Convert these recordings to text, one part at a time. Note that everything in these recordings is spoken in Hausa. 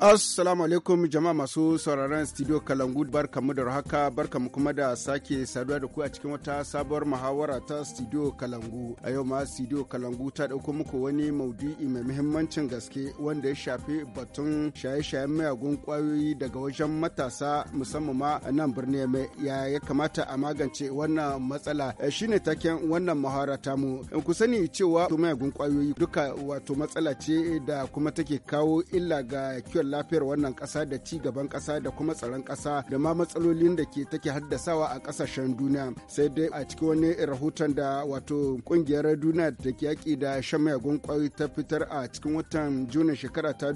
Assalamu alaikum jama'a masu sauraron studio Kalangu mu da haka barka mu kuma da sake saduwa da ku a cikin wata sabuwar muhawara ta studio Kalangu. A yau ma studio Kalangu ta dauko muku wani maudu'i mai muhimmancin gaske wanda ya shafi batun shaye-shayen mayagun kwayoyi daga wajen matasa musamman ma a nan birni mai ya ya kamata a magance wannan matsala eh, shine taken wannan muhawara ta mu. Eh, ku sani cewa mayagun kwayoyi duka wato matsala ce da kuma take kawo illa ga kiwon kiwon lafiyar wannan ƙasa da ci gaban kasa da kuma tsaron ƙasa da ma matsalolin da ke take haddasawa a kasashen duniya sai dai a cikin wani rahoton da wato kungiyar duniya da ke yaƙi da shan mayagun ƙwai ta fitar a cikin watan junin shekara ta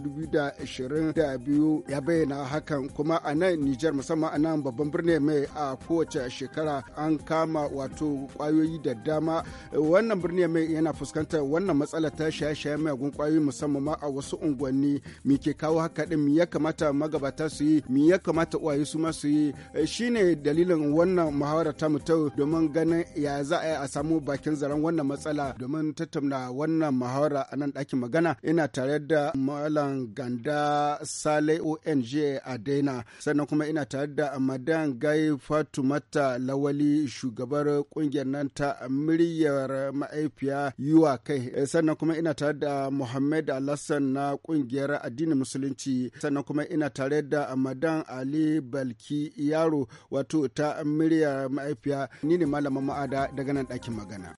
biyu ya bayyana hakan kuma a nan Nijar musamman a nan babban birnin mai a kowace shekara an kama wato ƙwayoyi da dama wannan birnin mai yana fuskantar wannan matsala ta shaye-shaye mayagun ƙwayoyi musamman ma a wasu unguwanni me ke kawo haka haka din ya kamata magabata su yi mi ya kamata uwaye su ma su yi eh, shine dalilin wannan muhawara ta mutau domin ganin ya za a yi a samu bakin zaren wannan matsala domin tattauna wannan muhawara a nan ɗakin magana ina tare da malam ganda sale ong a daina sannan kuma ina tare da madan gai fatumata lawali shugabar kungiyar nan ta muryar ma'aifiya yiwa kai eh, sannan kuma ina tare da muhammad alassan na kungiyar addinin musulunci Bauchi sannan kuma ina tare da Madan Ali Balki Yaro wato ta murya mahaifiya ni ne malamin ma'ada daga nan ɗakin magana.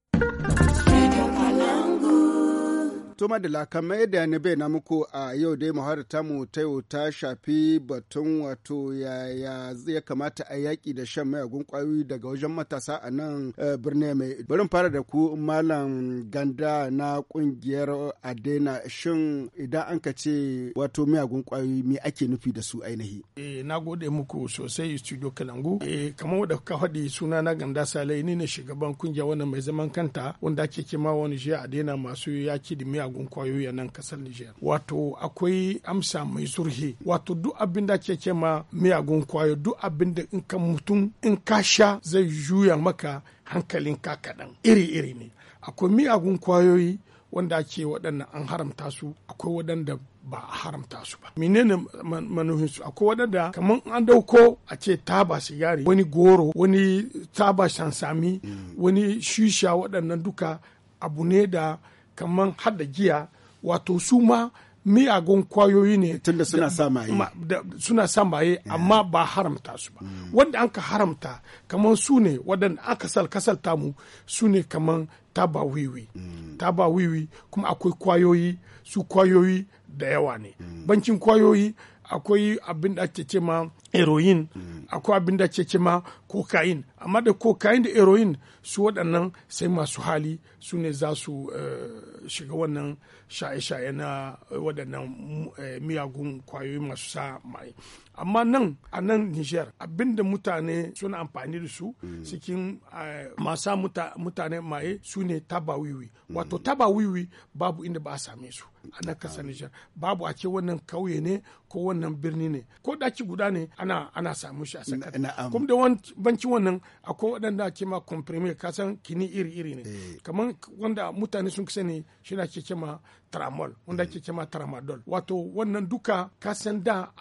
To madala kamar yadda na muku a yau dai muharar tamu ta yau ta shafi batun wato yaya ya kamata a yaƙi da shan mayagun ƙwayoyi daga wajen matasa a nan eh, birni mai. barin fara da ku malam ganda na kungiyar Adena shin idan an ka ce wato mayagun ƙwayoyi me ake nufi da su ainihi. Eh na gode muku sosai studio Kalangu. Eh kamar da ka faɗi suna na ganda Salai ni ne shugaban kungiya wannan mai zaman kanta wanda ake kima wani jiya Adena masu yaki da miyagun kwayoyi nan kasar Nijar. Wato akwai amsa mai zurhe. Wato duk abin da ke ma miyagun kwayo duk abin da in ka mutum in ka sha zai juya maka hankalin ka kaɗan iri-iri ne. Akwai miyagun kwayoyi wanda ake waɗannan an haramta su akwai waɗanda ba a haramta su ba menene manuhin su akwai waɗanda kamar an dauko a ce taba sigari wani goro wani taba shansami mm. wani shisha waɗannan duka abu ne da kamar hada giya wato su ma miyagun kwayoyi ne tunda suna sa maye suna sa amma ba haramta su ba mm. wanda an ka haramta kamar su ne waɗanda aka sal kasalta mu su ne kamar taba wiwi mm. taba wiwi kuma akwai kwayoyi su kwayoyi da yawa ne mm. bankin kwayoyi akwai abin da ake ce ma heroin mm. akwai abin da ake ce ma cocaine amma da cocaine da heroin su waɗannan sai masu hali su ne za su eh, shiga wannan shaye-shaye na waɗannan eh, miyagun kwayoyi masu sa mai amma nan a nan niger abin da mutane suna amfani da su mm. cikin eh, masa mutane maye su ne taba wiwi mm. wato taba wiwi babu inda ba a same su Ana kasa Nijar babu a ce wannan kauye ne ko wannan birni ne ko daki guda ne ana ana samu shi a sakar kuma da banci wannan akwai waɗanda ake ma comprime kasan kini iri iri ne eh. kamar wanda mutane sun ne shi na ke ma tramol wanda mm. ake kema tramadol wato wannan duka kasan da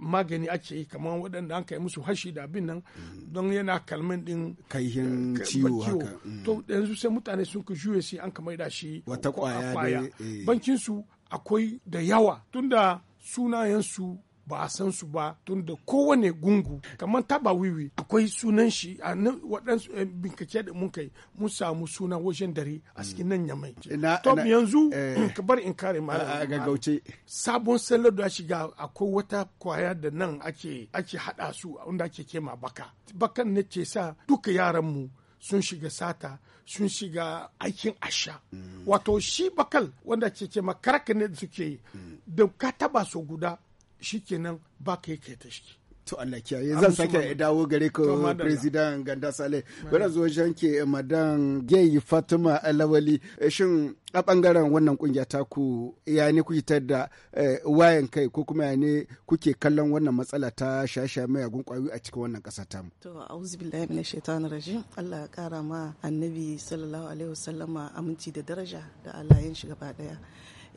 magani ake yi kamar waɗanda an kai musu hashi da abin nan mm. don yana kalmin din kaihin eh, ciwo haka mm. to yanzu sai mutane sun ka juye sai an kamar da shi wata kwaya eh. bankin su akwai da yawa tunda sunayensu ba a san su ba tun da kowane gungu kamar taba wiwi akwai sunan shi a nan waɗansu eh, bincike da mun kai mun samu suna wajen dare a cikin nan yamai to yanzu eh, ka bar in kare ma gaggauce sabon sallar da shiga akwai wata kwaya da nan ake ake hada su wanda ake kema baka bakan ne ce sa duka yaran mu sun shiga sata sun shiga aikin asha mm. wato shi bakal wanda ke ce makaraka ne suke mm. da ka taba so guda shikenan ba yi kai ta shi to Allah kiyaye zan sake dawo gare ka president Ganda Sale bara zo shanke eh, madan Gay Fatima Alawali eh, shin a bangaren wannan kungiya ta ku ya ne ku tar da eh, wayan kai ko kuma ya ne kuke kallon wannan matsala ta shasha agun kwayoyi a cikin wannan kasa ta mu to a'udhu billahi minash shaitanir rajim Allah ya kara ma annabi sallallahu alaihi wasallama aminci da daraja da Allah yin shi gaba daya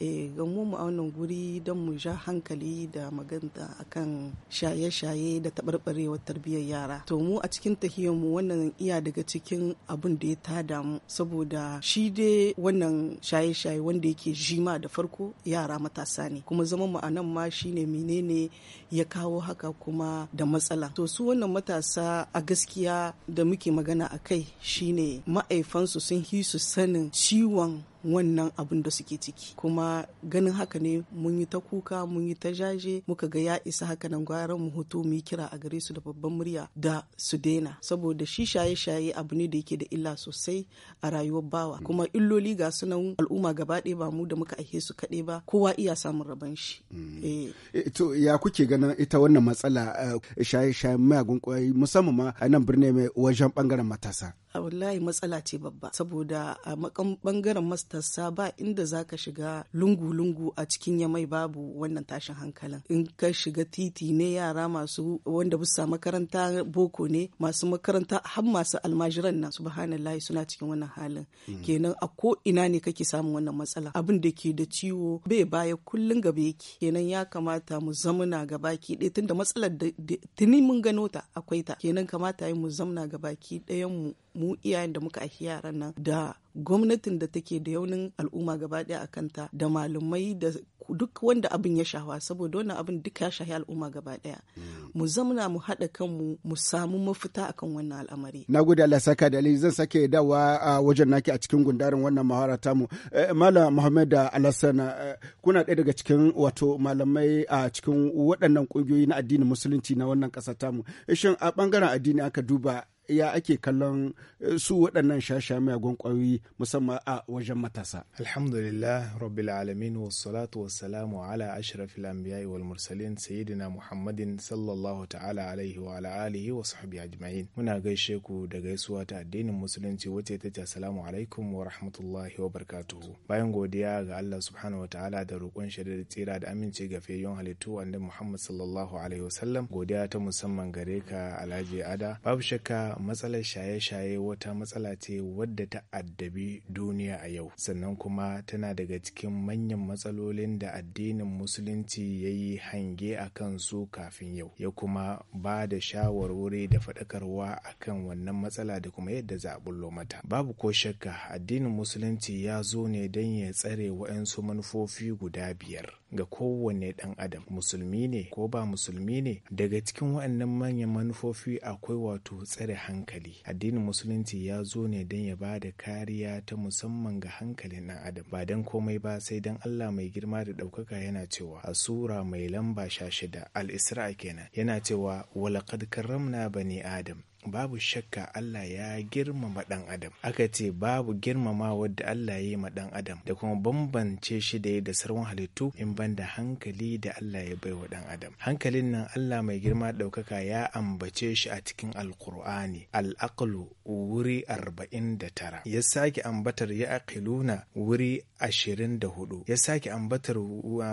Eh, ga mu a wannan guri don mu ja hankali da maganta akan shaye-shaye da taɓarɓarewar tarbiyyar yara to mu a cikin tahiyar mu wannan iya daga cikin abin da ya ta damu saboda shi dai wannan shaye-shaye wanda yake jima da farko yara matasa ne kuma zama mu a nan ma shine menene ya kawo haka kuma da matsala to su wannan matasa a gaskiya da muke magana a kai shine ma'aifansu sun hi su sanin ciwon wannan abin da suke ciki kuma ganin haka ne mun yi ta kuka mun yi ta jaje muka ga ya isa haka nan gwaran mu hoto mu yi kira a gare su da babban murya da su daina saboda shi shaye shaye abu ne da yake da illa sosai a rayuwar bawa kuma illoli ga sunan al'umma gaba ɗaya ba mu da muka aihe su kaɗai ba kowa iya samun rabon shi. Mm. Eh. Eh, to ya kuke ganin ita wannan matsala shaye eh, shaye mayagun kwayoyi musamman ma a nan birni mai wajen bangaren matasa. wallahi matsala ce babba saboda a makan bangaren mastarsa ba inda zaka shiga lungu-lungu a cikin yamai babu wannan tashin hankalin in ka shiga titi ne yara masu wanda bisa makaranta boko ne masu makaranta har masu almajiran na. subhanallahi suna cikin wannan halin hmm. kenan a ko ina ne kake samun wannan matsala abin da ke da ciwo bai baya kullun gaba yake kenan ya kamata mu zamuna gabaki ɗaya tunda matsalar da tuni mun gano ta akwai ta kenan kamata yi mu ga gabaki ɗayan mu mu iyayen da muka aiki yaran nan da gwamnatin da take da yaunin al'umma gaba daya a kanta da malumai da duk wanda abin ya shafa saboda wannan abin duk ya shafi al'umma gaba daya mm. mu zamna mu haɗa kanmu mu samu mafita akan wannan al'amari na gode Allah saka da zan sake dawa a wajen naki a cikin gundarin wannan mahara tamu eh, malam Muhammad Alassan eh, kuna ɗaya daga cikin wato malamai a cikin waɗannan ƙungiyoyi na addinin musulunci na wannan ƙasa tamu eh, shin a ɓangaren addini aka duba ya ake kallon eh, su waɗannan shasha miyagun ƙwayoyi musamman a wajen matasa. Alhamdulillah rabbil alamin wa salatu wa salamu ala ashirafi anbiya'i wal mursalin sayyidina Muhammadin sallallahu ta'ala alaihi wa ala alihi wa sahbihi ajma'in. Muna gaishe ku da gaisuwa ta addinin musulunci wace ta ce assalamu alaikum wa rahmatullahi wa barakatuhu. Bayan godiya ga Allah subhanahu wa ta'ala da roƙon da tsira da amince ga fayyon halittu wanda Muhammad sallallahu alaihi wa sallam godiya ta musamman gare ka Alhaji Ada. Babu shakka matsalar shaye-shaye wata matsala ce wadda ta addabi duniya a yau sannan kuma tana daga cikin manyan matsalolin da addinin musulunci ya yi hange a kan su kafin yau ya kuma ba da shawarwari da faɗakarwa a kan wannan matsala da kuma yadda za a bullo mata babu ko shakka addinin musulunci ya zo ne don ya tsare wa'yansu manufofi guda biyar ga kowane ɗan adam musulmi ne ko ba musulmi ne daga cikin waɗannan manyan manufofi akwai wato tsare hankali addinin musulunci ya zo ne don ya ba da kariya ta musamman ga hankalin ɗan adam ba don komai ba sai don allah mai girma da ɗaukaka yana cewa a sura mai lamba sha shida al-isra kenan yana cewa walaqad karramna bani adam babu shakka Allah ya girmama ɗan adam aka ce babu girmama wadda Allah ya yi ma ɗan adam da kuma bambance shi da da sauran halittu in ban da hankali da Allah ya baiwa ɗan adam hankalin nan Allah mai girma ɗaukaka ya ambace shi a cikin alkur'ani al'aqlu wuri arba'in da tara ya sake ambatar ya aqiluna wuri ashirin da hudu ya sake ambatar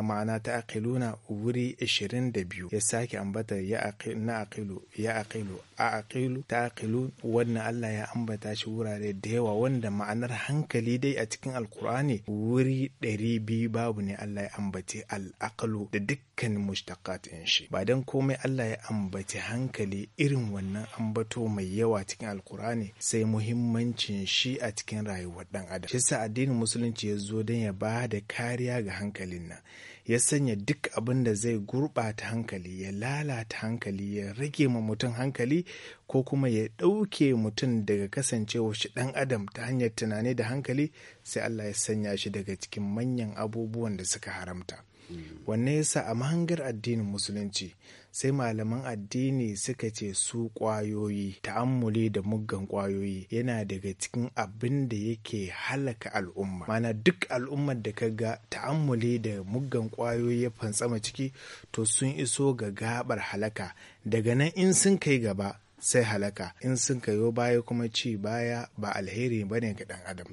ma'ana ta aqiluna wuri ashirin da biyu ya sake ambatar ya aqilu ya aqilu a aqilu taqilu wannan Allah ya ambata shi wurare da yawa wanda ma'anar hankali dai a cikin alkur'ani wuri ɗari biyu babu ne Allah ya ambace al'aqlu da dukkan in shi ba dan komai Allah ya ambace hankali irin wannan ambato mai yawa cikin alkur'ani sai muhimmancin shi a cikin rayuwar dan adam shi sa addinin musulunci ya zo dan ya ba da kariya ga hankalin nan ya sanya duk abin da zai gurɓata hankali ya lalata hankali ya rage ma mutum hankali ko kuma ya ɗauke mutum daga kasancewa shi ɗan adam ta hanyar tunani da hankali sai Allah ya sanya shi daga cikin manyan abubuwan da suka haramta. Mm. Wannan yasa a mahangar addinin musulunci sai malaman addini suka ce su ƙwayoyi ta'ammuli da muggan ƙwayoyi yana daga cikin abin da yake halaka al'umma mana duk al'ummar da ka ga ta'ammuli da muggan ƙwayoyi ya fantsama ciki to sun iso ga gabar halaka daga nan in sun kai gaba sai halaka in sun kayo baya kuma ci baya ba alheri ba ne ga ɗan adam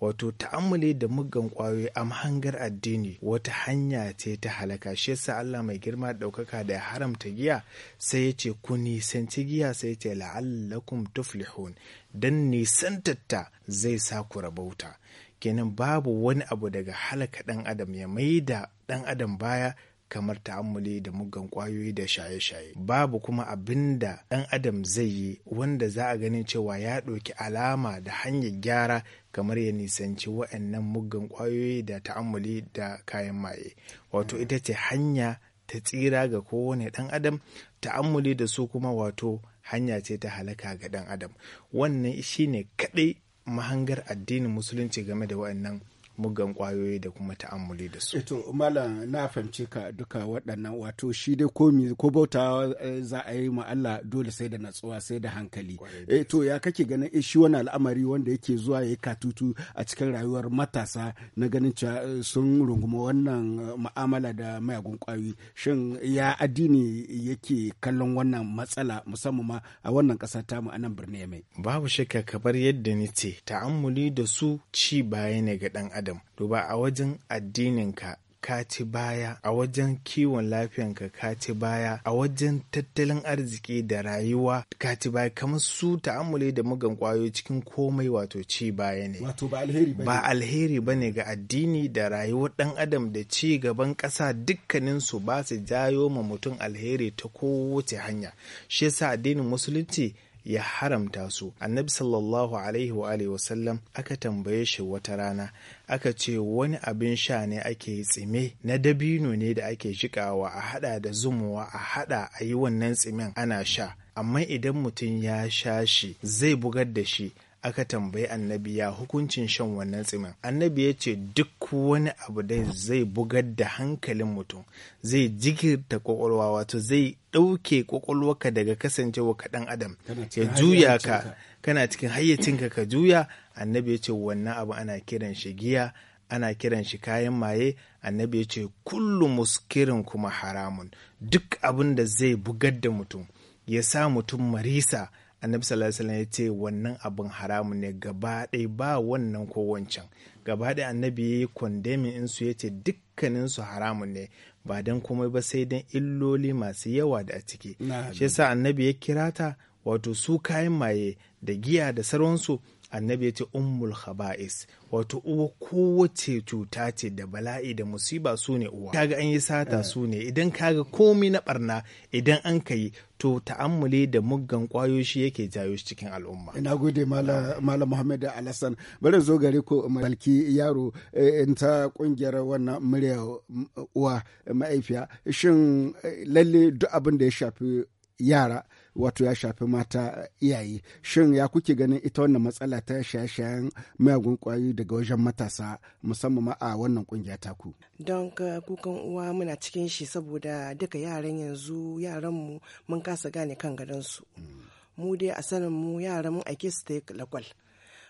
wato ta'ammuli da muggan kwayoyi a mahangar addini wata hanya ce ta halaka shi yasa Allah mai girma ɗaukaka da ya haramta giya sai ya ce ku nisanci giya sai ya ce la'allakum tuflihun dan nisantatta zai sa ku rabauta kenan babu wani abu daga halaka ɗan adam ya maida ɗan adam baya kamar ta'ammuli da muggan kwayoyi da shaye-shaye babu kuma abin da ɗan adam zai yi wanda za a ganin cewa ya ɗauki alama da hanyar gyara kamar ya nisanci wa'annan muggan kwayoyi da ta'ammuli da kayan maye wato ita ce hanya ta tsira ga kowane ɗan adam ta'ammuli da su kuma wato hanya ce ta halaka ga ɗan adam wannan shine kaɗai mahangar addinin musulunci game da wa'annan muggan kwayoyi da kuma ta'ammuli da su. Eto eh malam na fahimci ka duka waɗannan wato shi dai komi ko bauta eh, za a yi ma Allah dole sai da natsuwa sai da hankali. Eto eh ya kake ganin shi wani al'amari wanda yake zuwa ya katutu a cikin rayuwar matasa na ganin cewa sun runguma wannan ma'amala da mayagun kwayoyi shin ya addini yake kallon wannan matsala musamman ma a wannan ƙasa mu a nan birni mai. Babu shakka bar yadda ni ce ta'ammuli da su ci baya ne ga ɗan adam. adam duba a wajen addininka ka ci baya a wajen kiwon lafiyanka ka ci baya a wajen tattalin arziki da rayuwa ka ci baya kamar su ta'amuli da mugan kwayoyi cikin komai wato ci baya ne ba alheri ba alheri ga addini da rayuwar dan adam da ci gaban ƙasa dukkanin su ba su jayo ma mutum alheri ta kowace hanya shi yasa addinin musulunci ya haramta su annabi sallallahu alaihi wa alihi wasallam aka tambaye shi wata rana aka ce wani abin sha ne ake tsime na dabino ne da ake shikawa a hada da zumuwa a hada a yi wannan tsimin, ana sha amma idan mutum ya sha shi zai bugar da shi aka tambayi annabi ya hukuncin shan wannan tsimin annabi ya ce duk wani abu da zai bugar da hankalin mutum zai jigirta kwakwalwa wato zai ɗauke kwakwalwarka daga kasancewa ka ɗan adam ya juya ka kana cikin hayyacinka ka juya annabi ya ce wannan abu ana kiran shi giya ana kiran shi kayan maye annabi ya ce kullu muskirin kuma haramun duk abin da zai bugar da mutum ya sa mutum marisa annabi sallallahu alaihi ya ce wannan abin haramun ne gaba ɗaya ba wannan ko wancan gaba ɗaya annabi ya yi kwandemin in su yace ce dukkanin su haramun ne ba dan komai ba sai dan illoli masu yawa da a ciki shi yasa annabi ya kirata wato su kayan maye da giya da sarwansu annabi ya ce ummul khaba'is wato uwa kowace cuta ce da bala'i da musiba su ne uwa kaga an yi sata eh. su ne idan kaga komi na barna idan an kai to ta'ammuli da muggan kwayo shi yake jayo shi cikin al'umma ina gode malam muhammad alassan bari zo gare ko malki yaro in eh, ta kungiyar wannan murya mm, uwa ma'aifiya shin eh, lalle duk abin da ya shafi yara wato ya shafi mata eh, iyaye shin ya kuke ganin ita wannan matsala ta shaye-shayen mayagun kwayoyi daga wajen matasa musamman a wannan kungiya taku don kukan uwa muna cikin shi saboda duka yaran yanzu yaran mu mun kasa gane kan gadon su mm. mu dai a sanin mu yaran mu ake su ta lakwal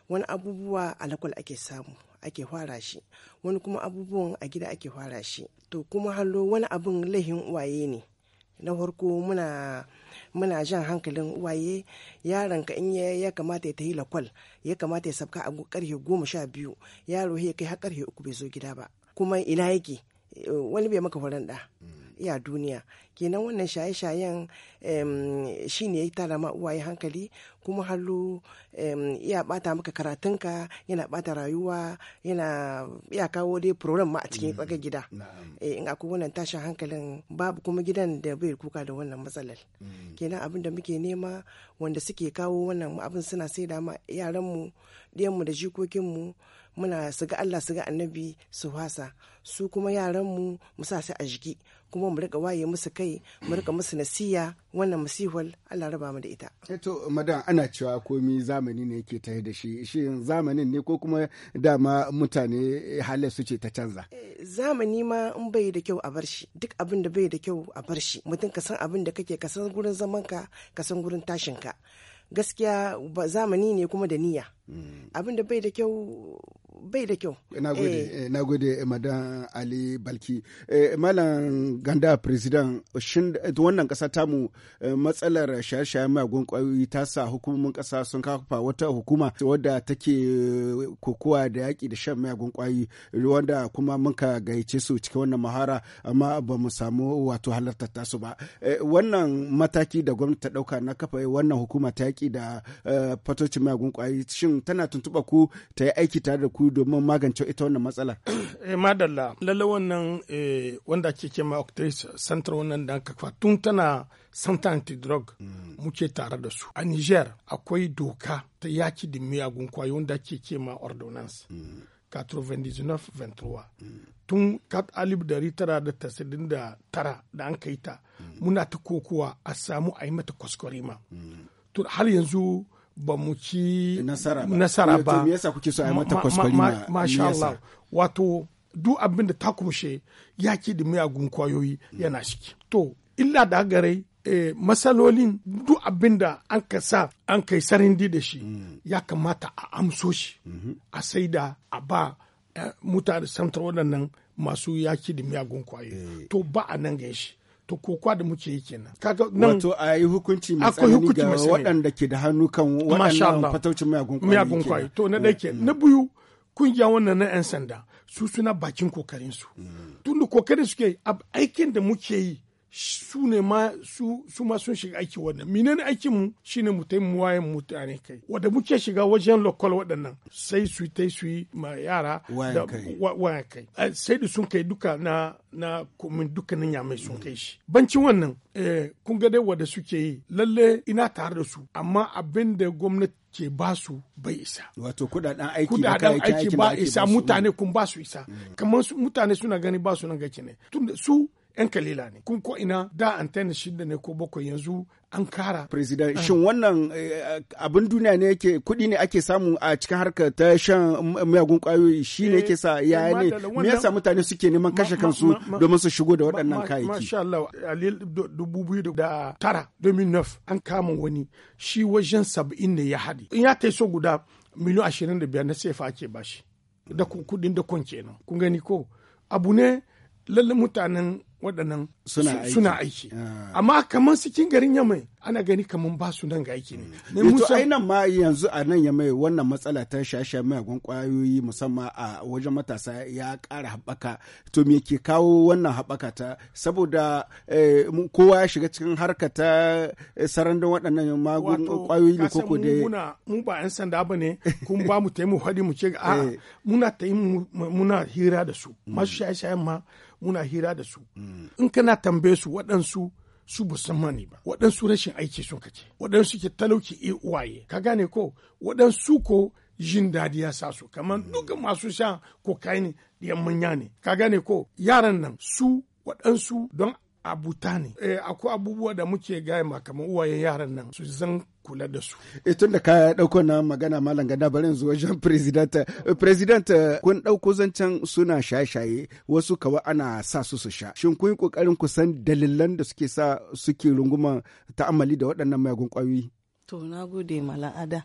wani abubuwa a lakwal ake samu ake fara shi wani kuma abubuwan a gida ake fara shi to kuma hallo wani abin lahin uwaye ne na farko muna muna jan hankalin uwaye ka in ya kamata ya tafi lakwal ya kamata ya sabka a karfe goma sha biyu yaro ya kai har karfe uku bai zo gida ba kuma ina yake eh, wani bai maka faran da mm. ya duniya kenan wannan shaye-shayen shi ne ya tara ma uwaye hankali kuma halu iya bata maka karatunka yana bata rayuwa yana iya kawo dai program ma a cikin mm-hmm. tsaka gida eh, in akwai wannan tashin hankalin babu kuma gidan da bai kuka da wannan matsalar mm-hmm. kenan abin da muke nema wanda suke kawo wannan abin suna da ma yaranmu ɗiyanmu da jikokinmu muna su ga Allah su ga annabi su hasa su kuma yaranmu mu sa su a jiki kuma mu riƙa waye musu kai jaye mu rika musu nasiya wannan masihwal Allah raba mu da ita. Eto eh madan ana cewa komi zamani ne yake tare da shi shi zamanin ne ko kuma dama mutane halar su ce ta canza. Eh, zamani ma in bai da kyau a bar shi duk abin da bai da kyau a bar shi mutum ka san abin da kake ka san gurin zamanka ka ka san gurin tashin ka gaskiya zamani ne kuma da niyya. abin da bai da kyau bai da kyau eh, na gode eh. eh, madan ali balki malam ganda president shin wannan kasa tamu matsalar shaye-shaye magun kwayoyi ta sa hukumomin kasa sun kafa wata hukuma wadda take kokowa da yaki da shan magun kwayoyi wanda kuma mun ka gayyace su cikin wannan mahara amma ba mu samu wato halartar tasu ba wannan mataki da gwamnati ta dauka na kafa wannan hukuma ta yaki da fatocin magun kwayoyi shin tana tuntuɓa ku ta yi aiki tare da ku domin magance ita wannan matsala. eh madalla lalle wannan eh, wanda ake kema Octave center wannan da aka tun tana Santa anti-drug mm. muke tare da su a niger akwai doka ta yaki da miyagun kwayo wanda ake kema ordonance 23 tun kat alif dari tara da tasirin da tara da an kai ta mm. muna ta kokowa a samu a yi mata kwaskwarima mm. har yanzu ba mu ci nasara ba nasara masha Allah wato duk abin da takumshe yaki da miyagun kwayoyi yana ciki to illa da gare eh, masalolin duk abin da an ka sa an kai sarindi da shi ya kamata a amso shi mm-hmm. a sai da a ba eh, mutane samtar waɗannan masu yaki da miyagun kwayoyi eh. to ba a nan gan to kokowa da muke yi kenan kaga nan wato a yi hukunci mai tsanani ga waɗanda ke da hannu kan waɗannan fataucin miyagun kwayi to na ɗaya mm. kenan na biyu kungiya wannan na 'yan sanda su suna bakin kokarin su tun da kokarin suke aikin da muke yi su ne ma su su ma sun shiga aiki wannan minan aikin mu shine mu taimu wayan mutane kai wanda muke shiga wajen lokal waɗannan sai su tai su yi ma yara wayan kai sai da sun kai duka na na komin dukkanin mai sun kai shi bancin wannan eh, kun ga dai wanda suke yi lalle ina tare da su amma abin da gwamnati ke ba su bai isa. Wato kudaden aiki kudaden aiki ba isa mutane kun ba su isa. Mm. Kamar mutane suna gani ba su nan gaki ne. Tunda su 'yan kalila ne kun ko ina da antena shida ne ko bakwai yanzu an kara president shin wannan eh, abin duniya ne yake kudi ne ake samu a cikin harkar ta shan miyagun kwayoyi. shi ne yake sa ya ne eh, me yasa mutane suke neman kashe kansu domin su shigo da waɗannan kayayyaki masha Allah alil dubu biyu da tara 2009 an kama wani shi wajen saba'in ne ya haɗi in ya tai so guda miliyan ashirin da biyar na sefa ake bashi da kudin da kon kenan kun gani ko abu ne lalle mutanen waɗannan suna aiki ah. amma kamar cikin garin yamai ana gani kamar ba su nan ga aiki ne mm. to ai nan ma yanzu a nan yamai wannan matsala ta shasha mayagun kwayoyi musamman a wajen matasa ya ƙara haɓaka to me ke kawo wannan haɓaka ta saboda eh, kowa ya shiga cikin harka ta eh, sarandan waɗannan magun kwayoyi ne koko da mu ba 'yan sanda ba ne kun ba mu taimu faɗi mu ce a eh. muna taimu muna hira da su mm. masu shaye-shayen ma muna hira da su hmm. in kana tambaye su waɗansu su ba san mani ba waɗansu rashin aiki sun kace waɗansu ke talauci e uwaye ka gane ko waɗansu ko jin daɗi ya sa su kamar hmm. duka masu sha kokaini da manya ne ka gane ko yaran nan su waɗansu don abuta ne eh, akwai abubuwa da muke gaya ma kamar uwayen yaran nan su zan kula da su. E eh, tun da ka ɗauko na magana malam gada bari yanzu wajen president. Eh, president eh, kun ɗauko zancen suna shaye-shaye wasu kawa ana sa su su sha. Shin kun yi ƙoƙarin ku san dalilan da suke sa suke runguma ta'amali da waɗannan mayagun ƙwayoyi? To na gode mala'ada ada.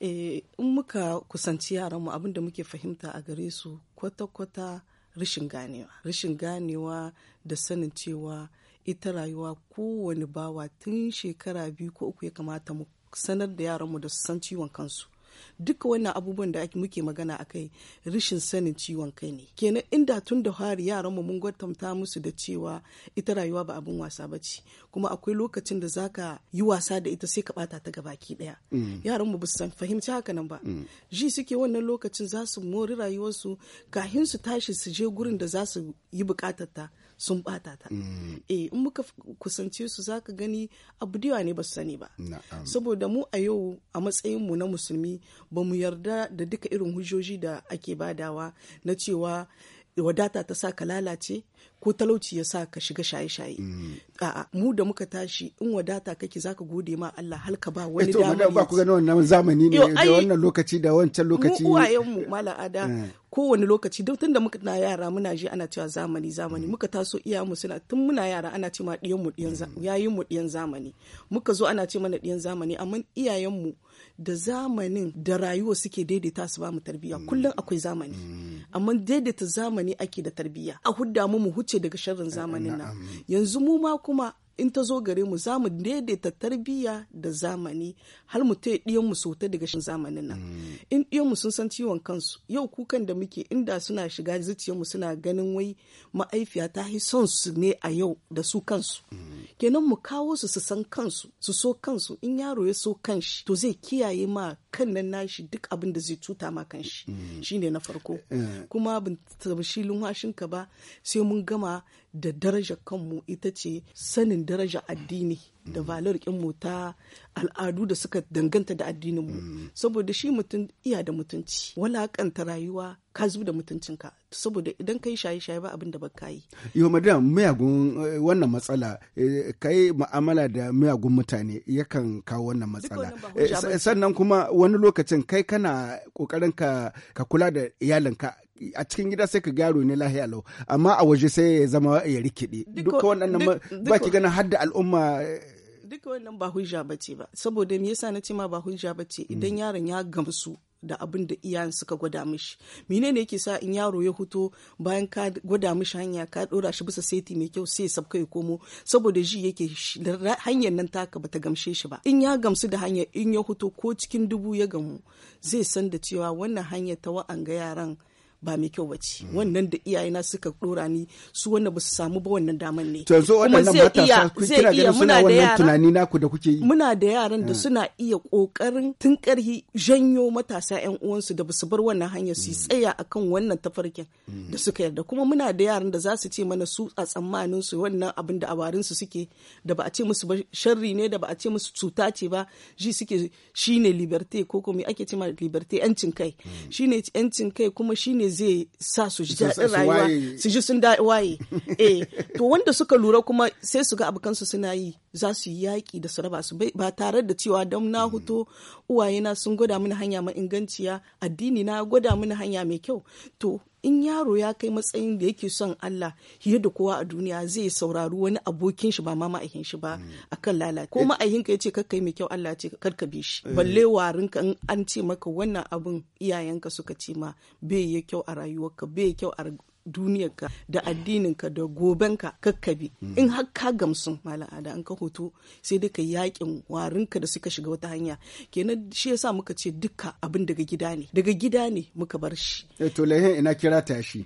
In muka kusanci yaranmu abin da muke fahimta a gare su kwata-kwata rashin ganewa. Rashin ganewa da sanin cewa ita rayuwa kowane bawa tun shekara biyu ko uku ya kamata mu sanar da yaran mu da su san ciwon kansu duka wannan abubuwan da muke magana a kai rashin sanin ciwon kai ne kenan inda tun da hari yaranmu mun gwatanta musu da cewa ita rayuwa ba abin wasa ba ce kuma akwai lokacin da zaka yi wasa da ita sai ka bata ta gabaki daya mm. yaranmu ba san fahimci haka nan ba mm. ji suke wannan lokacin za su mori rayuwarsu kahin su tashi su je gurin da za su yi bukatar ta sun bata ta mm. eh in muka kusance su zaka gani abu da ne ba su sani ba saboda mu a yau a matsayin mu na musulmi ba mu yarda da duka irin hujjoji da ake badawa na cewa wadata ta sa ka lalace ko talauci ya sa ka shiga shaye-shaye a'a mu da muka tashi in wadata kake zaka gode ma Allah halka ka ba wani eh dama ba ku gani wannan zamani ne da wannan lokaci da wancan lokaci mu uwayen mu malam ada eh. kowane lokaci tun tunda muka na yara muna ji ana cewa zamani zamani muka taso iya mu suna tun muna yara ana ce ma diyan mu mm. diyan yayin mu diyan zamani muka zo ana ce mana diyan zamani amma iyayen mu da zamanin da rayuwa suke daidaita su ba mu tarbiyya kullum mm. akwai zamani mm. amma daidaita zamani ake da tarbiyya a hudda mu mu huce daga sharrin zamanin nan yanzu mu ma kuma in ta zo gare mu za daidaita tarbiyya da zamani har mu ta yi mu sauta daga shan zamanin nan mm. in ɗiyan mu sun san ciwon kansu yau kukan da muke inda suna shiga zuciyar mu suna ganin wai ma'aifiya ta yi son su ne a yau da su kansu mm. kenan mu kawo su su san kansu su so kansu in yaro ya so kanshi to zai kiyaye ma kan nan nashi duk abin da zai cuta ma kan shi mm. shine na farko eh. kuma bin tabashi lumashin ka ba sai mun gama da darajar kanmu ita ce sanin darajar addini da valar mu ta al'adu da suka danganta da addinin mu mm. saboda shi mutum iya da mutunci walakanta rayuwa ka zuba da mutuncinka saboda idan kai shaye-shaye ba abin da ba ka yi yo madam miyagun eh, wannan matsala eh, kai mu'amala da miyagun mutane yakan kawo wannan matsala eh, sannan kuma wani lokacin kai kana kokarin ka kula da iyalinka a cikin gida sai ka gyaro ne lahiya lau amma a waje sai ya zama ya rikide duk wannan ba ki ganin hadda al'umma duka wannan ba hujja ba ce ba saboda me yasa na ce ma ba hujja ba ce idan mm. yaron ya gamsu da abin da iyayen suka gwada mishi mine ne yake sa in yaro ya huto bayan ka gwada mishi hanya ka dora shi bisa seti mai kyau sai sabka ya komo saboda ji yake hanyar nan taka bata gamshe shi ba in ya gamsu da hanya in ya huto ko cikin dubu ya gamu zai san da cewa wannan hanyar ta wa'anga yaran ba mai kyau ce wannan da iyayena suka dora ni su wanda ba su samu ba wannan daman ne to yanzu waɗannan matasa kira ganin suna wannan tunani naku da kuke yi muna da yaran da hmm. suna iya kokarin tun karhi janyo matasa yan uwansu da basu bar wannan hanyar su hmm. tsaya akan wannan tafarkin hmm. da suka yarda kuma muna da yaran da za su ce mana su a tsammanin su wannan abin da abarin su suke da ba a ce musu ba sharri ne da ba a ce musu cuta ce ba ji suke shine liberté ko kuma ake ce ma liberté yancin kai shine yancin kai kuma shine zai sa su ji daɗin rayuwa su ji sun waye eh to wanda suka lura kuma sai su ga abokansu suna yi za su yi yaƙi da su raba su ba tare da cewa don na huto uwayena sun gwada mini hanya mai inganciya addini na gwada mini hanya mai kyau to in yaro ya kai matsayin da yake son Allah fiye da kowa a duniya zai saurari wani abokin shi ba ma ma'aikin shi ba kan lalata ko eh. ma'aikin ka yace kai mai kyau Allah ce karka bi shi eh. balle warin ka in an ce maka wannan abin iyayenka suka ce ma bai yi kyau a rayuwarka bai kyau a duniyarka da addininka da gobenka kakkabi mm. in har ka gamsu malam an ka hoto sai dai ka yakin warinka da suka shiga wata hanya kenan shi yasa muka ce duka abin daga gida ne daga gida ne muka bar shi eh, to lehi ina kira tashi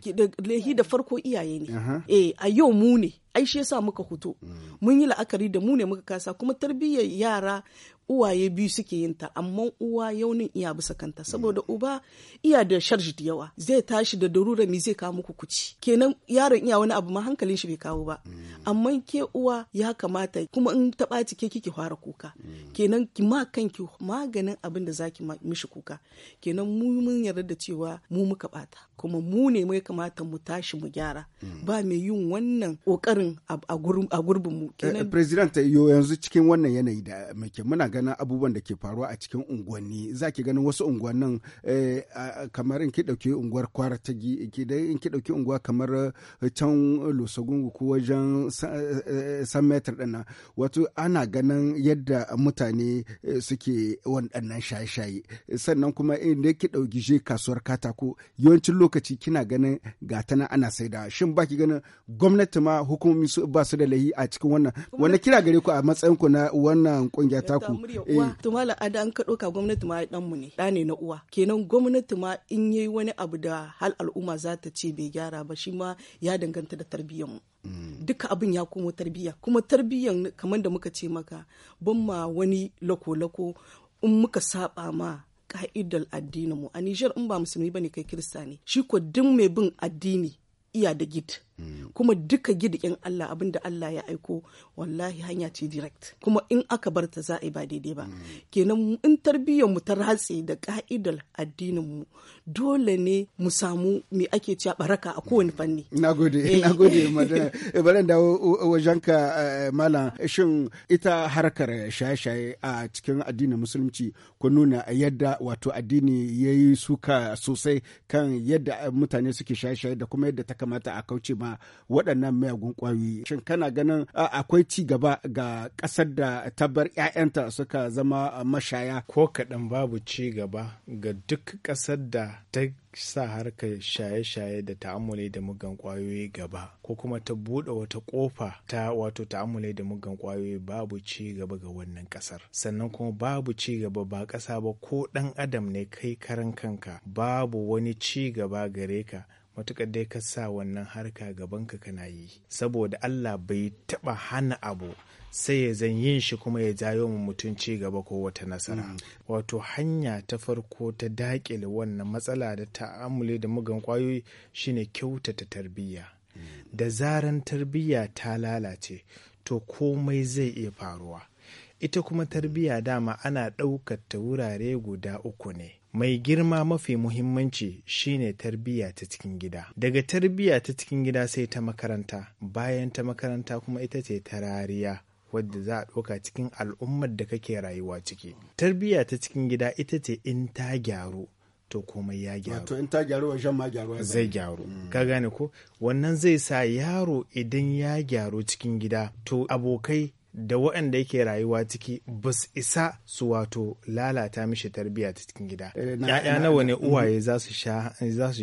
lehi da farko iyaye ne eh a yau mu ne ai shi yasa muka hutu mm. mun yi la'akari da mu ne muka kasa kuma tarbiyyar yara uwaye biyu suke yin ta amma uwa yaunin iya bisa kanta mm. saboda uba iya da sharji da yawa zai tashi da darura mi zai kawo muku kuci kenan yaron iya wani abu ma hankalin shi bai kawo ba mm. amma ke uwa ya kamata kuma in ta ɓaci ke kike fara kuka kenan ki ma kanki maganin abin da zaki mishi kuka kenan mu mun yarda da cewa mu muka ɓata kuma mu ne mai kamata mu tashi mu gyara mm. ba mai yin wannan kokarin a gurbin mu eh, president eh, yo yanzu cikin wannan yanayi da muke muna ganin abubuwan da ke faruwa a cikin unguwanni zaki ganin wasu unguwannin eh, kamar in ki dauki unguwar kwara ta gi ki dai in ki dauki unguwa kamar can losogungu ko wajen san din dinnan wato ana ganin yadda mutane suke wannan shaye-shaye sannan kuma in dai ki dauki je kasuwar katako yawancin lokaci kina ganin gata na ana saida shin baki ganin gwamnati ma hukumomi su ba su da lahi a cikin wannan wani kira gare ku a matsayin ku na wannan kungiya taku eh to ada an ka doka gwamnati ma dan mu ne dane na uwa kenan gwamnati ma in yayi wani abu da hal al'umma za ta ce bai gyara ba shi ma ya danganta da tarbiyyar mu mm. duka abin ya komo tarbiyya kuma tarbiyyar kamar da muka ce maka ban ma wani lako-lako in muka saba ma ka'idar addinin mu a nijar in ba musulmi bane kai kirista ne shi ko duk mai bin addini iya da gid Mm. kuma duka gidikin Allah abin da Allah ya aiko wallahi hanya ce direct kuma in aka bar ta za a yi ba daidai ba mm. kenan in tarbiyyar mu ta ratse da ka'idar addinin mu dole ne mu samu me ake cewa baraka a kowane fanni mm. nagode eh. nagode madana eh, bari da wajenka eh, malam shin ita harkar shaye-shaye a cikin addinin musulunci ku nuna yadda wato addini yayi suka sosai kan yadda mutane suke shaye-shaye da kuma yadda ta kamata a kauce ma ma waɗannan miyagun ƙwayoyi shin kana ganin akwai ci gaba ga ƙasar da tabbar 'ya'yanta suka zama mashaya ko kaɗan babu ci gaba ga duk ƙasar da ta sa harkar shaye-shaye da ta'amuli da mugan ƙwayoyi gaba ko kuma ta buɗe wata ƙofa ta wato ta'amuli da mugan ƙwayoyi babu ci gaba ga wannan ƙasar sannan kuma babu ci gaba ba ƙasa ba ko ɗan adam ne kai karan kanka babu wani ci gaba gare ka matuƙar dai ka sa wannan harka gabanka kana yi saboda Allah bai taɓa hana abu sai ya zan yin shi kuma ya jayo mu mutum ci gaba ko wata nasara mm. wato hanya ta farko ta daƙile wannan matsala da ta'amule da mugan kwayoyi shine kyautata tarbiyya mm. da zaran tarbiyya ta lalace to komai zai iya faruwa ita kuma tarbiyya dama ana ɗaukar ta wurare guda uku ne mai girma mafi muhimmanci shine tarbiyya ta cikin gida daga tarbiyya ta cikin gida sai ta makaranta bayan ta makaranta kuma ita ce ta rariya wadda za a ɗauka cikin al'ummar da kake rayuwa ciki tarbiyya ta cikin gida ita ce in ta gyaru to komai ya gyaru wato in ta gyaru wajen ma gyaru zai gyaru mm. ka gane ko wannan zai sa yaro idan ya gyaru cikin gida to abokai da waɗanda yake rayuwa ciki ba su isa su wato lalata mishi tarbiyya ta cikin gida. Eh, ‘Ya'ya nawa ne uwaye za su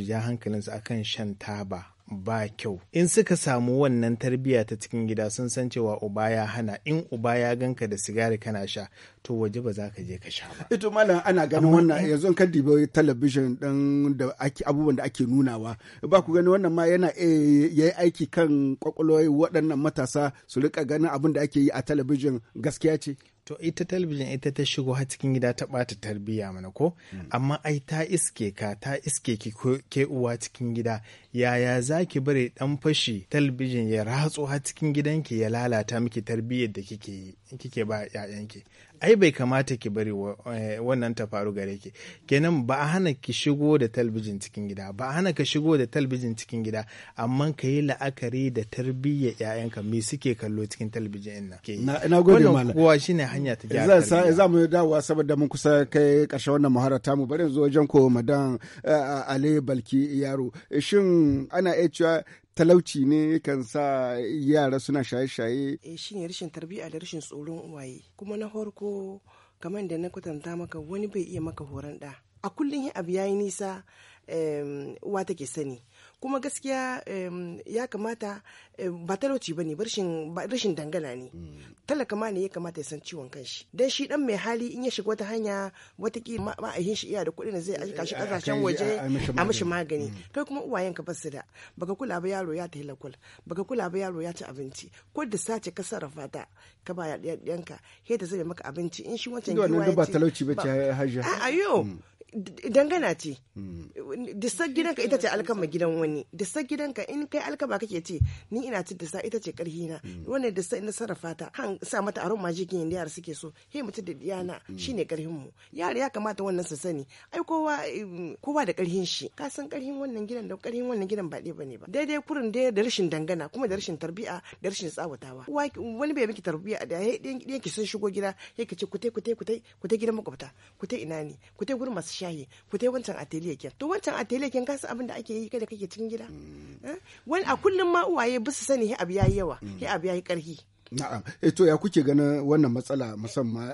ja hankalinsu akan shan taba ba kyau in suka samu wannan tarbiyya ta cikin gida sun san cewa uba ya hana in uba ya ganka da sigari kana sha to waje ba za ka je ka sha ba ito malam ana ganin wannan yanzu kan dibi talabijin dan da ake abubuwan da ake nunawa ba ku gani wannan ma yana eh, yayi aiki kan kwakwalwar waɗannan matasa su rika ganin abin da ake yi a talabijin gaskiya ce to ita talabijin ita ta shigo har cikin gida ta bata tarbiyya mana ko mm. amma ai ta iske ka ta iske ki ke uwa cikin gida yaya za ki bari dan fashi talabijin ya ratso har cikin gidanki ya lalata miki tarbiyyar da kike kike ba 'ya'yanki ai bai kamata ki bari eh, wannan ta faru gare ki kenan ba a hana ki shigo da talbijin cikin gida ba a hana ka shigo da talbijin cikin gida amma ka yi la'akari da tarbiyya ƴaƴanka me suke kallo cikin talbijin nan na gode malam kowa shine hanya ta gyara za mu dawo saboda mun kusa kai karshe wannan muhara mu bari zo wajen ko madan eh, Ali Balki Yaro eh, shin ana iya cewa talauci ne kan sa yara suna shaye-shaye shi eh, shine rashin tarbiyya da rashin tsoron uwaye kuma na farko kamar da na kwatanta maka wani bai iya maka horon da a kullum abu ya yi nisa uwa take sani kuma gaskiya ya kamata ba talauci ba ne rashin dangana ne talaka ma ne ya kamata ya san ciwon kanshi dan shi dan mai hali in ya shiga wata hanya wata ki ma'ahin shi iya da kuɗin da zai aika shi kasashen eh, eh, waje a mashi magani mm. kai kuma uwayen ka basu da baka kula ba yaro ya ta hilakul baka kula ba yaro ya ci abinci ko da sace ka sarrafa ta ka ba yanka he ta zai maka abinci in shi wancan giwa ya ba talauci ba ce hajiya ayo dangana ce hmm. disar gidanka ita ce alkama gidan wani disar gidanka in kai alkama kake ce ni ina ci disa ita ce karhi na hmm. wannan disar ina sarrafa ta kan sa mata aron ma jikin yanda yara suke so he mutu da diyana hmm. shine karhin mu yara ya kamata wannan su sani ai kowa kowa da karhin shi ka san karhin wannan gidan da karhin wannan gidan ba ɗaya bane ba daidai kurin da da rashin dangana kuma da rashin tarbiya da rashin tsawatawa wani bai miki tarbiya da ya ki sun shigo gida yake ce kutai kutai kutai kutai gidan makwabta kutai ina ne kutai gurin masu kyaye ku tai wancan atelier kin to wancan atelier kin kasu abin da ake yi kada kake cikin gida mm. eh? wani a kullum ma uwaye bisu sani he abu yayi yawa mm. he abu yayi karhi Na'am, eh, to ya kuke ganin wannan matsala musamman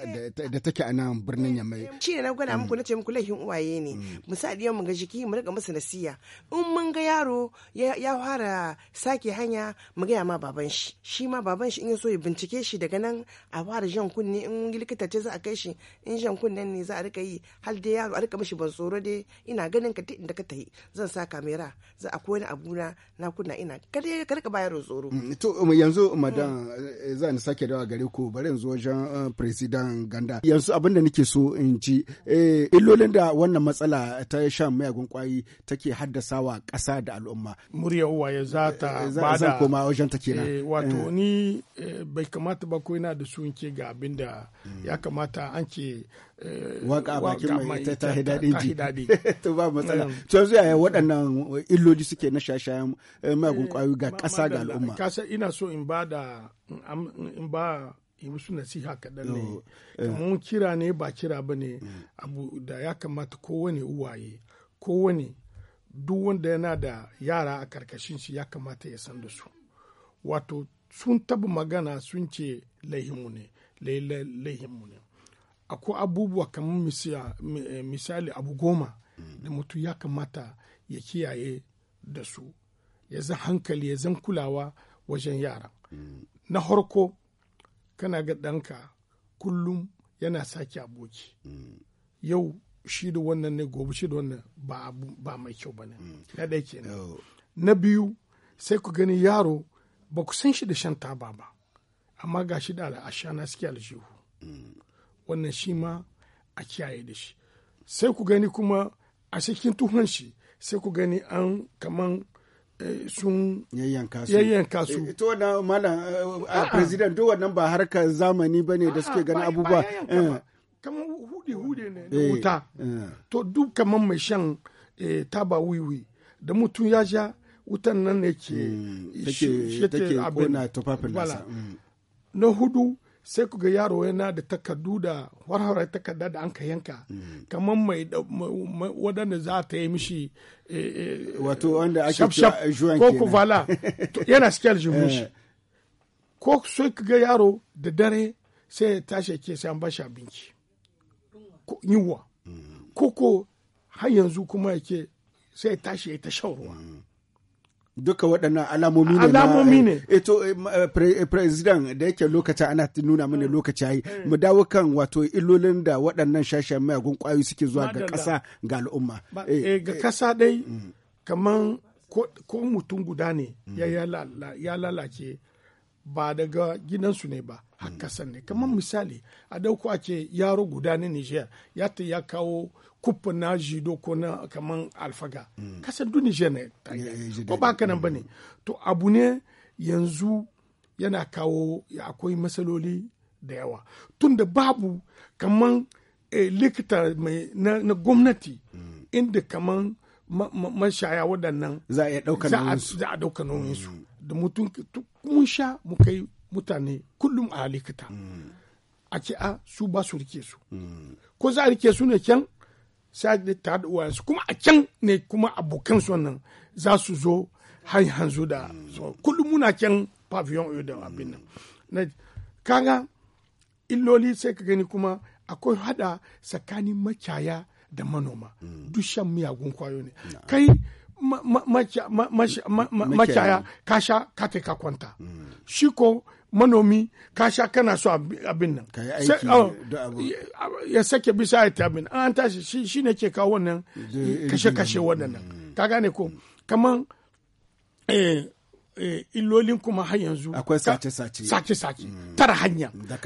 da take a nan birnin Yamai. Eh, shi ne na gwada muku na ce muku laifin uwaye ne. Mm. Misali yau mun ga jiki mu rika masa nasiya. In mun ga yaro ya fara sake hanya mu gaya ma baban shi. Shi ma baban shi in ya so ya bincike shi daga nan a fara jan kunne in likita ce za a kai shi in jan kunnen ne za a rika yi har dai yaro a rika mishi ban tsoro dai ina ganin ka inda ka tafi zan sa kamera za a koyi abuna na kunna ina ka rika bayar tsoro. Mm, to um, yanzu madan mm. Eh, zan sake dawa gare ku bari yanzu wajen eh, president ganda yanzu abin da nake so in ci eh, illolin da wannan matsala ta shan mayagun kwayi take haddasawa ƙasa da al'umma murya waye za ta bada koma wajen ta kenan wato ni bai kamata ba ko yana da su ke ga abin da ya kamata an ce waka bakin mai ita ta hi daɗi ji to ba matsala mm. to yanzu yaya waɗannan illoli suke na shashayen eh, magun kwayoyi eh, ga ƙasa ga al'umma kasa ina so in ba da in ba wasu nasiha kaɗan ne oh, eh. mun kira ne ba kira ba ne mm. abu da ya kamata kowane uwaye kowane duk wanda yana da yara a karkashin shi ya kamata ya san da su wato sun taba magana sun ce laihinmu ne laihinmu ne akwai abubuwa kamar eh, misali abu goma da mutum ya kamata ya kiyaye da su ya zan hankali ya zan kulawa wajen yara na harko kana ga ɗanka kullum yana sake aboki yau shi da wannan ne gobe shi da wannan ba mai kyau ba ne na ɗaya kenan na biyu sai ku gani yaro ba ku san shi da shan taba ba amma ga shi da ashana suke aljihu wannan shi ma a kiyaye da shi sai ku gani kuma a cikin tuhon shi sai ku gani an kaman eh, sun yayyanka su eh, ita wannan malam eh, president duk wannan ba harkar zamani ba ne da suke gani abubuwa kamar hude hude ne da wuta to duk kamar mai shan taba wiwi da mutum ya ja wutan nan ne ke hmm, shi ta na abin hmm. na hudu sai ku ga yaro yana da takardu da warware takarda da an yanka kamar mai waɗanda za ta yi mishi eh, eh, wato wanda ake ko ku yana shi ko sai ku ga yaro da dare sai ya tashi ke sai an ba shi abinci yiwa mm. ko ko har yanzu kuma yake sai ya tashi ya ta shan ruwa mm. duka waɗannan alamomi ne alamomi ne eto eh, eh, eh, president da yake lokaci ana nuna mana mm. lokaci yi mm. mu dawo kan wato illolin da waɗannan shashen mayagun kwayoyi suke zuwa ga ƙasa ga al'umma ga ƙasa dai mm. kaman ko mutum guda ne ya lalace ba daga gidansu ne ba kasan mm. ne kamar mm. misali a dauko a ce yaro guda na niger ya ta ya kawo kufa na jido ko na kamar alfaga mm. kasan duk niger ne eh, ko ba haka nan ba ne to abu ne yanzu yana kawo akwai matsaloli da yawa da babu kamar eh, likita mai na gwamnati inda kamar mashaya waɗannan za a ɗauka nauyinsu da mutum mun sha mu kai mutane kullum a likita mm. a ce a ah, su ba su rike su mm. ko za a rike su ne can sai da ta da su kuma a can ne kuma abokan su wannan za su zo har hanzu da mm. kullum muna can pavillon da abin nan kaga illoli sai ka gani kuma akwai hada tsakanin makiyaya da manoma duk shan miyagun kwayo ne kai makiyaya kasha sha ka kwanta shi ko manomi ka sha kana so abin nan oh, ya sake bisa ya ta abin an tashi shi ne ke kawo wannan kashe-kashe waɗannan ka gane ko kaman eh, eh, illolin kuma har yanzu akwai sace-sace sace-sace mm. tara hanya mm,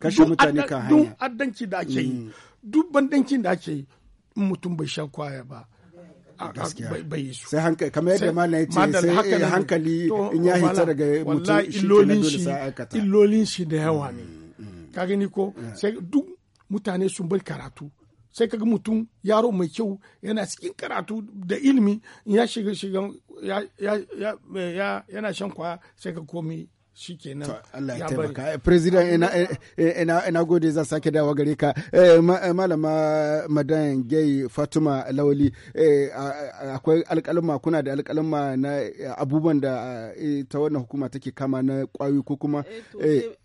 kashe mutane kan hanya duk addanci da ake yi mm. duk bandankin da ake yi mutum bai sha kwaya ba hankali kamar yadda eh, hankali in ya hita daga mutum shi illolin shi da yawa mm, ne mm, mm. ka ko sai duk mutane sun bar karatu sai kaga mutum yaro mai kyau yana cikin karatu da ilimi ya shiga shigan yana shan kwaya sai ka komi shikenan Allah ya taimaka president eh, eh, ina ina gode za sake dawo gare ka eh, malama madan gay Fatuma lawali akwai alƙalma kuna da alƙalma na abubuwan da ta wannan hukuma take kama na kwayoyi ko kuma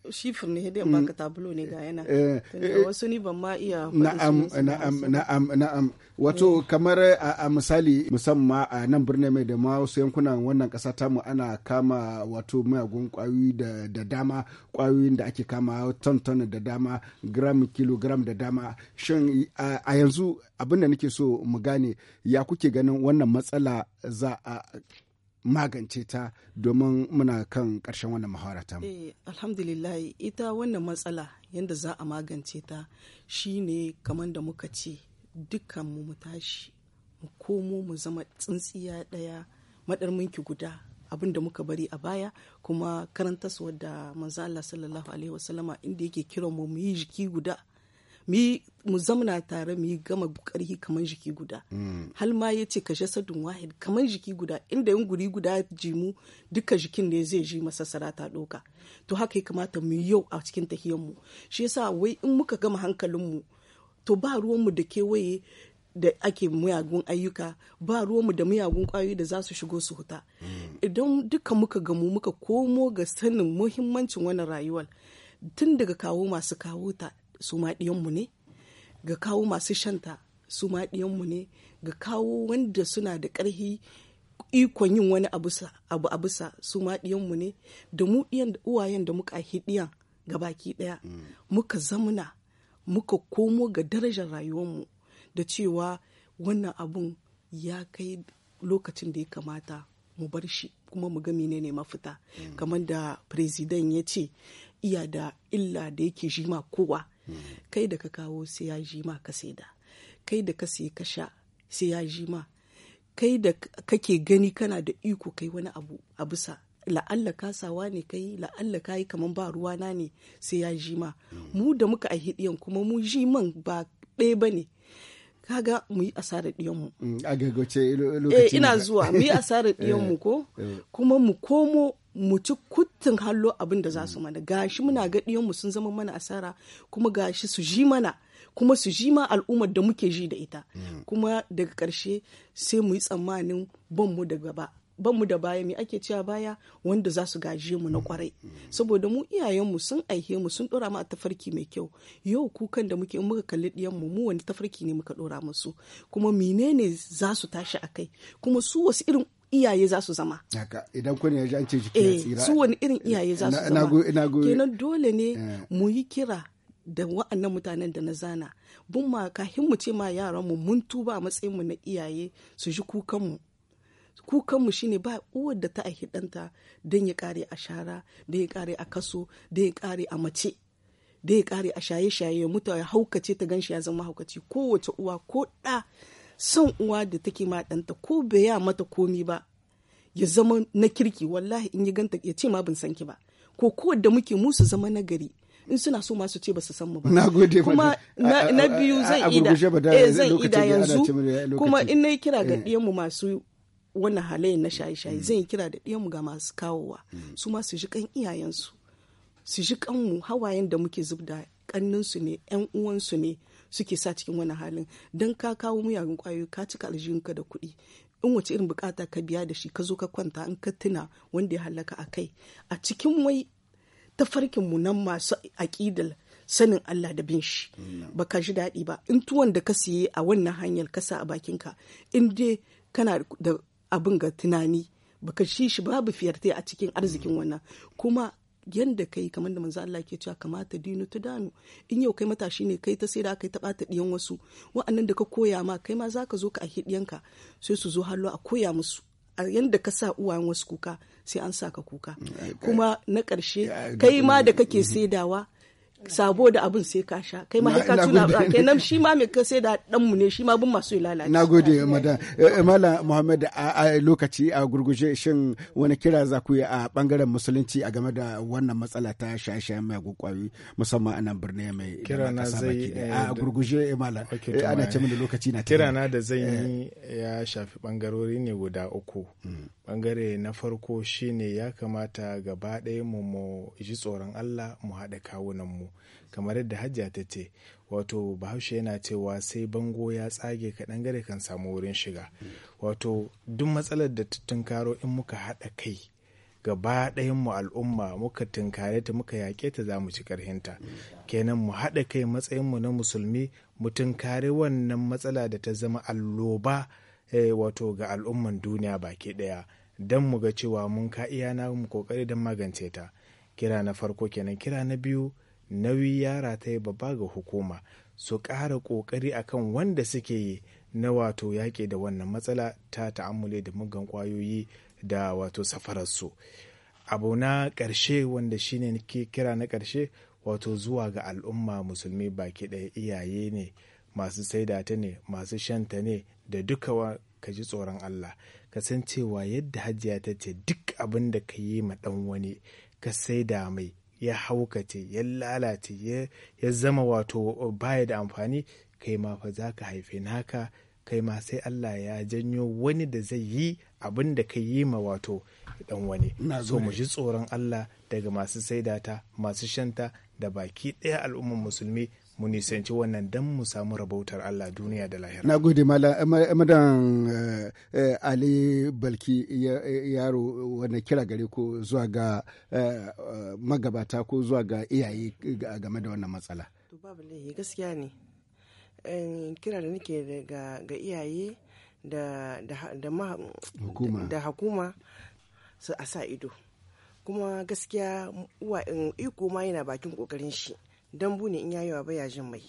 shifir ne mm. baka tabulo ne ga yana eh, eh, eh, wasu ni ban ma iya na'am na'am na'am na'am wato kamar a misali musamman a nan birnin mai da ma wasu yankunan wannan kasa mu ana kama wato mayagun kwayoyi da dama kwayoyin da ake kama ton ton da dama gram kilogram da dama shin a yanzu abin da nake so mu gane ya kuke ganin wannan matsala za a magance ta domin muna kan ƙarshen wannan maharata. ta eh alhamdulillah ita wannan matsala yadda za a magance ta shi ne kamar da muka ce dukkan mu mu tashi mu komo mu zama tsintsiya ɗaya minki guda abin da muka bari a baya kuma karanta da manzo Allah sallallahu alaihi wasallama inda yake kiran mu mu yi jiki guda mu zamana tare mu yi gama karhi kamar jiki guda mm. hal ma ya ce kashe sadun wahid kamar jiki guda inda yin guri guda jimu duka jikin ne zai ji masa sarata doka to haka ya kamata mu yau a cikin tahiyanmu shi yasa wai in muka gama hankalinmu to ba ruwanmu da kewaye da ake muyagun ayyuka ba ruwanmu da muyagun kwayoyi da za su shigo su huta mm. idan duka muka gamu muka komo ga sanin muhimmancin wannan rayuwar tun daga kawo masu kawo ta su ma ɗiyanmu ne ga kawo masu shanta su ma ɗiyanmu ne ga kawo wanda suna da ƙarfi ikon yin wani abu a bisa su ma ɗiyanmu ne da mu uwayen da muka hiɗiyan baki ɗaya mm. muka zamuna muka komo ga darajar rayuwarmu da cewa wannan abun ya kai lokacin da ya kamata mu bar shi kuma mu gami ne mafita mm. kamar da president ya ce iya da illa da yake shi kowa kai da ka kawo sai ya ji ma ka saida kai da ka sai ka sha sai ya ji ma kai da kake gani kana da iko kai wani abu a bisa la'alla kasawa ne kai la'alla ka yi kamar ba na ne sai ya ji ma mu da muka a hidiyan kuma mu ji man ba ɗaya ba ne kaga mu yi asarar ɗiyanmu. Mm, a gagace eh, lokacin ina zuwa mu yi asarar ɗiyanmu eh, ko eh. kuma mu komo mu ci kuttun hallo abin da za su mana gashi muna ga mu sun zama mana asara kuma gashi su ji mana kuma su ji ma al'ummar da muke ji da ita kuma daga karshe sai mu yi tsammanin banmu da gaba mu da baya me ake cewa baya wanda za su gaje mu na kwarai saboda mu iyayenmu sun aihe mu sun dora mu a tafarki mai kyau yau kukan da muke muka kalli diyan mu mu wani tafarki ne muka dora musu kuma menene za su tashi akai kuma su wasu irin iyaye za su zama haka idan kun yaji an ce jiki ya eh, tsira su wani irin iyaye za su zama kenan dole ne eh. mu yi kira da wa'annan mutanen da na zana bun ma kahin mu ce ma yaran mu mun tuba a matsayin mu na iyaye su ji kukan mu kukan mu shine ba uwar da ta aiki danta don ya kare a shara don ya kare a kaso don ya kare a mace da ya kare a shaye-shaye ya mutu ya haukace ta ganshi ya zama haukaci kowace uwa ko ɗa son uwa da take ma ɗanta ko bai ya mata komi ba ya zama na kirki wallahi in yi ganta ya ce ma ban san ki ba ko ko da muke musu zama na gari in suna so masu ce ba su san mu ba. Na gode kuma na biyu zan ida eh zan ida yanzu kuma in nayi kira ga eh. ɗiyanmu masu wannan halayen na shaye-shaye mm. zan yi kira da ɗiyanmu ga masu kawowa mm. su ma su ji kan iyayensu su ji kanmu hawayen da muke zubda su ne yan uwansu ne suke sa cikin wani halin don ka kawo miyagun kwayoyi ka cika aljihunka da kuɗi in wace irin bukata ka biya da shi ka zo ka kwanta in ka tuna wanda ya halaka a kai a cikin wai tafarkin mu nan masu aƙidal sanin Allah da bin shi mm. ba ka ji daɗi ba in tuwon da ka siye a wannan hanyar kasa a bakinka in dai kana da abin ga tunani baka shi shi babu fiyartai a cikin arzikin mm. wannan kuma yanda kai kamar da manzo Allah ke cewa kamata dinu ta danu in yau kai matashi ne kai ta sai kai ta bata diyan wasu wa'annan da ka koya ma kai ma zaka zo ka a ka sai su zo hallo a koya musu a yanda ka sa uwayen wasu kuka sai an saka kuka mm, kuma na karshe kai ma da kake mm-hmm. saidawa sabo da abin sai ka sha kai ma ka tuna nan shi ma mai sai da dan mu ne shi ma bin masu lalace nagode madam eh, eh, mala muhammad a lokaci a gurguje shin wani kira za ku yi a bangaren musulunci a game da wannan matsala ta shaye mai kwayoyi musamman a nan birni mai kira na zai a gurguje eh, mala ana ce mini lokaci na kira na da zai yi ya shafi bangarori ne guda uku bangare hmm. na farko shine ya kamata gaba ɗaya mu mu ji tsoron Allah mu haɗa kawunan mu kamar yadda hajja ta ce wato bahaushe yana cewa sai bango ya tsage kaɗan gare kan samu wurin shiga wato duk matsalar da tunkaro in muka haɗa kai gaba ɗayan mu al'umma muka tunkare ta muka yaƙe ta za mu ci ƙarhinta kenan mu haɗa kai matsayin mu na musulmi mu tunkare wannan matsala da ta zama alloba eh, wato ga al'umman duniya baki ɗaya don mu ga cewa mun ka iya mu kokari don magance ta kira na farko kenan kira na biyu nauyi ya rataye babba ga hukuma su ƙara ƙoƙari akan wanda suke yi na wato yaƙi da wannan matsala ta ta'ammule da mugan kwayoyi da wato safararsu abu na ƙarshe wanda shine ne kira na ƙarshe wato zuwa ga al'umma musulmi baki ɗaya iyaye ne masu saida ta ne masu shanta ne da duka ka ji tsoron Allah ka san cewa yadda hajiya ta ce duk abin da ka yi ma ɗan wani ka saida mai ya haukace ya lalace ya zama wato baya da amfani kai ma fa za ka haife naka kai ma sai Allah ya janyo wani da zai yi abin da ka yi ma wato dan wani so mu ji tsoron Allah daga masu saidata masu shanta da baki ɗaya al'umman musulmi mu nisanci wannan dan mu samu rabautar Allah duniya da lahira. Na gode eh, eh, madan eh, Ali Balki yaro wanda kira gare ko zuwa ga magabata ko zuwa ga iyaye game da wannan matsala. To babu laihi gaskiya ne. Kira da nake ga iyaye da hukuma su a sa ido. Kuma gaskiya iko ma yana bakin kokarin shi. dambu ne in yayi wa baya jin mai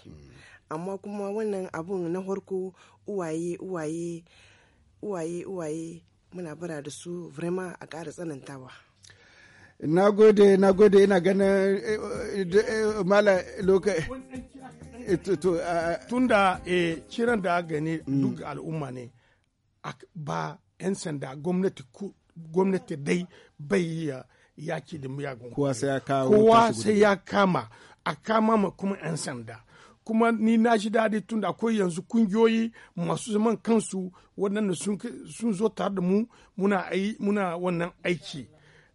amma kuma wannan abun na farko uwaye uwaye uwaye uwaye muna bara da su vrema a ƙara tsanantawa na gode na gode ina ganin mala lokaci tunda eh, kiran da gani duk al'umma ne ba 'yan sanda gwamnati dai bai yaki da miyagun kowa sai ya kama a kama ma kuma 'yan sanda kuma ni na ji daɗi tun da akwai yanzu kungiyoyi masu zaman kansu waɗanda sun zo tare da mu muna, muna wannan aiki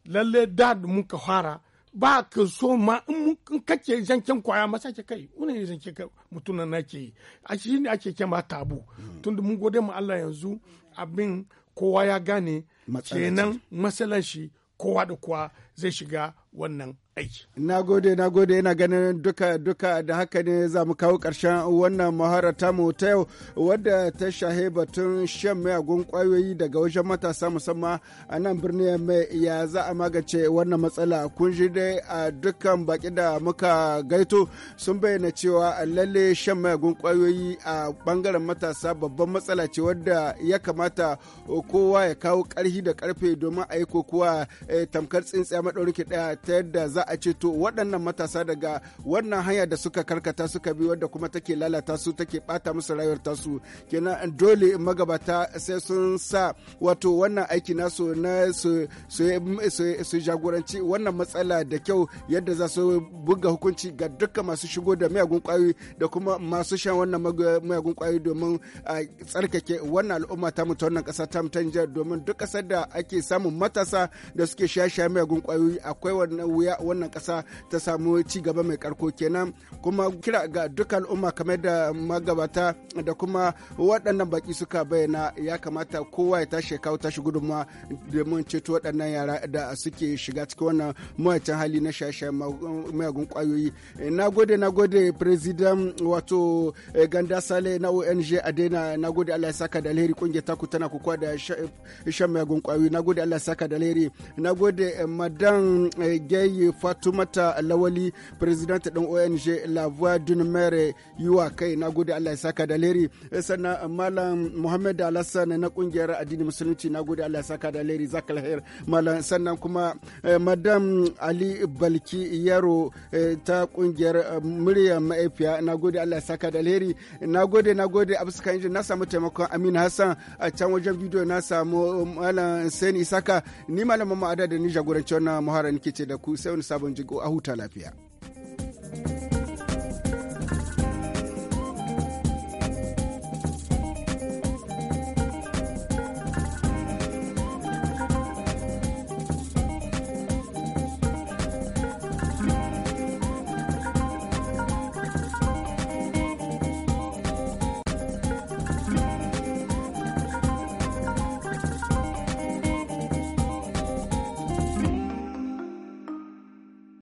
lalle da muka fara ba ka so ma in kake zancen kwaya masa ke kai wani ne zance ka mutum na ke a shi ne ake kema tabu hmm. tun da mun gode mu Allah yanzu abin kowa ya gane kenan matsalan kowa da kowa zai shiga wannan Na gode, na gode, yana ganin duka duka da haka ne za mu kawo ƙarshen wannan muhara mu ta yau wadda ta shahe batun shan mayagun ƙwayoyi daga wajen matasa musamman a nan birni mai ya za a magance wannan matsala. Kun ji dai a dukkan baki da muka gaito sun bayyana cewa lalle shan mayagun ƙwayoyi a bangaren matasa babban matsala ce wadda ya kamata kowa ya kawo ƙarfi da ƙarfe domin a yi kokowa eh, tamkar tsintsiya maɗaurin ki ɗaya ta yadda za a ceto waɗannan matasa daga wannan hanya da suka karkata suka bi wadda kuma take lalata su take bata musu rayuwar tasu kenan dole magabata sai sun sa wato wannan aiki nasu na su jagoranci wannan matsala da kyau yadda za su buga hukunci ga dukkan masu shigo da miyagun kwayoyi da kuma masu shan wannan miyagun kwayoyi domin a tsarkake wannan al'umma ta mutu wannan ƙasa ta mu ta domin duk kasar da ake samun matasa da suke sha sha miyagun kwayoyi akwai wannan wuya wannan kasa ta samu ci gaba mai karko kenan kuma kira ga duka al'umma kamar da magabata da kuma waɗannan baki suka bayyana ya kamata kowa ya tashi kawo tashi gudunmawa domin ceto waɗannan yara da suke shiga cikin wannan mawacin hali na shashe mayagun kwayoyi na gode na gode president wato eh, ganda sale na ong adena na gode allah ya saka da alheri kungiyar taku tana kukuwa da eh, shan mayagun kwayoyi na gode allah ya saka da alheri na gode eh, madan gayi fatumata lawali president ɗin ong la voix d'une mère yiwa kai na gode allah ya saka da leri eh, sannan eh, malam muhammad alassane na kungiyar addini musulunci na gode allah ya saka da leri zakal hair malam sannan kuma eh, madam ali balki yaro ta kungiyar murya ma'aifiya na gode allah ya saka da leri na gode na gode abuska injin na samu taimakon amin hassan a can wajen bidiyo na samu malam sani isaka ni malam mamma da ni jagoranci wannan muhara ke ce da ku sai sabon jiko a huta lafiya.